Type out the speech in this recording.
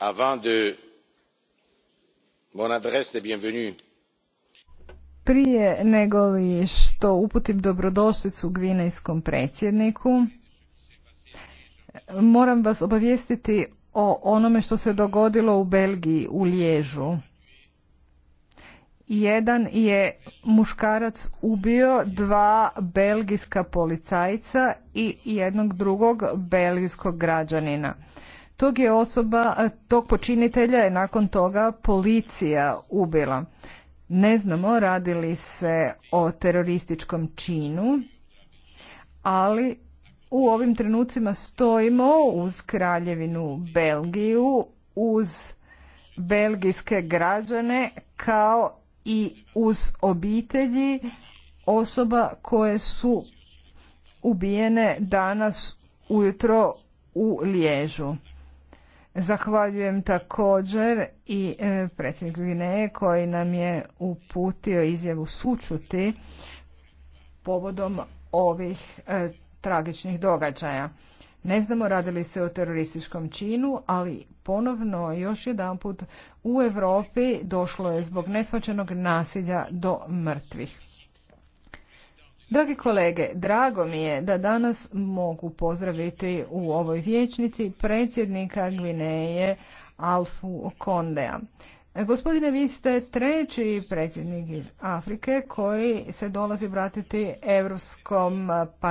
avant mon adresse de bienvenue prije nego li što uputim dobrodošlicu gvinejskom predsjedniku, moram vas obavijestiti o onome što se dogodilo u Belgiji, u Liježu. Jedan je muškarac ubio dva belgijska policajca i jednog drugog belgijskog građanina. Tog je osoba, tog počinitelja je nakon toga policija ubila. Ne znamo radi li se o terorističkom činu, ali u ovim trenucima stojimo uz kraljevinu Belgiju, uz belgijske građane kao i uz obitelji osoba koje su ubijene danas ujutro u Liježu. Zahvaljujem također i e, predsjednik Gineje koji nam je uputio izjavu sučuti povodom ovih e, tragičnih događaja. Ne znamo radili se o terorističkom činu, ali ponovno još jedanput u Europi došlo je zbog nesvačenog nasilja do mrtvih. Dragi kolege, drago mi je da danas mogu pozdraviti u ovoj vijećnici predsjednika Gvineje Alfu Kondea. Gospodine, vi ste treći predsjednik Afrike koji se dolazi vratiti Europskom parlamentu.